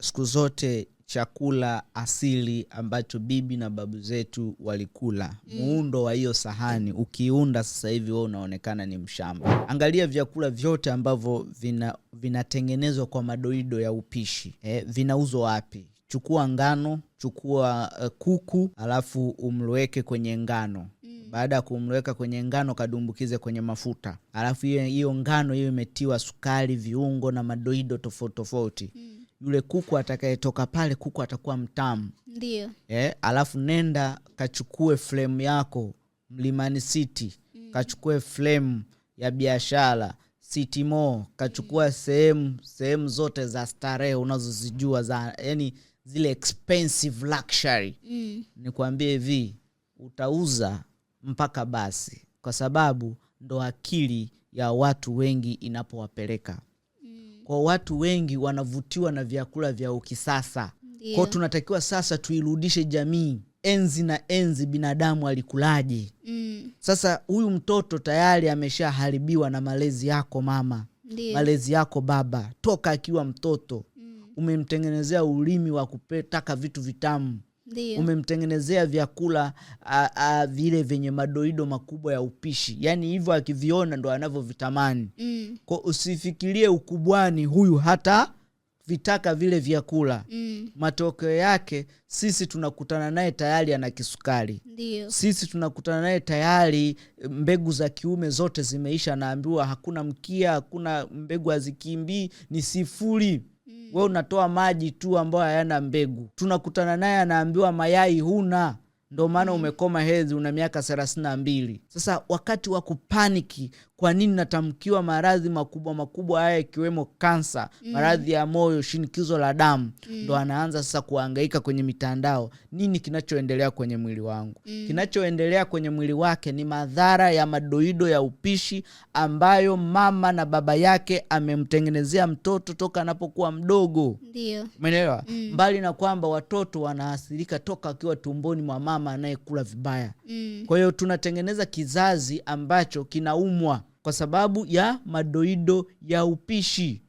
siku zote chakula asili ambacho bibi na babu zetu walikula mm. Muundo wa hiyo sahani ukiunda sasa hivi wewe unaonekana ni mshamba. Angalia vyakula vyote ambavyo vinatengenezwa vina kwa madoido ya upishi eh, vinauzwa wapi? Chukua ngano, chukua uh, kuku alafu umloweke kwenye ngano mm. baada ya kumweka kwenye ngano kadumbukize kwenye mafuta, alafu hiyo ngano hiyo imetiwa sukari, viungo na madoido tofauti tofauti mm yule kuku atakayetoka pale, kuku atakuwa mtamu. Ndio. Eh, alafu nenda kachukue flemu yako Mlimani City mm. kachukue flemu ya biashara City kachukua mm. sehemu sehemu zote za starehe unazozijua za yani zile expensive luxury mm. Nikwambie hivi utauza mpaka basi, kwa sababu ndo akili ya watu wengi inapowapeleka kwa watu wengi wanavutiwa na vyakula vya ukisasa yeah. Kwao tunatakiwa sasa tuirudishe jamii enzi na enzi binadamu alikulaje? mm. Sasa huyu mtoto tayari ameshaharibiwa na malezi yako mama, Ndiyo. malezi yako baba, toka akiwa mtoto mm. umemtengenezea ulimi wa kutaka vitu vitamu Umemtengenezea vyakula a, a, vile vyenye madoido makubwa ya upishi, yaani hivyo akiviona ndo anavyovitamani mm. ko usifikirie ukubwani, huyu hata vitaka vile vyakula mm. Matokeo yake sisi tunakutana naye tayari ana kisukari. Sisi tunakutana naye tayari mbegu za kiume zote zimeisha, anaambiwa hakuna mkia, hakuna mbegu, hazikimbii, ni sifuri we unatoa maji tu ambayo hayana mbegu. Tunakutana naye anaambiwa mayai huna, ndo maana umekoma hedhi, una miaka thelathini na mbili. Sasa wakati wa kupaniki, kwa nini natamkiwa maradhi makubwa makubwa haya ikiwemo kansa, mm. maradhi ya moyo, shinikizo la damu, mm. ndo mm. anaanza sasa kuangaika kwenye mitandao, nini kinachoendelea kwenye mwili wangu? mm. Kinachoendelea kwenye mwili wake ni madhara ya madoido ya upishi ambayo mama na baba yake amemtengenezea mtoto toka anapokuwa mdogo, umeelewa? mm. Mbali na kwamba watoto wanaathirika toka akiwa tumboni mwa mama anayekula vibaya. mm. Kwa hiyo tunatengeneza kizazi ambacho kinaumwa kwa sababu ya madoido ya upishi.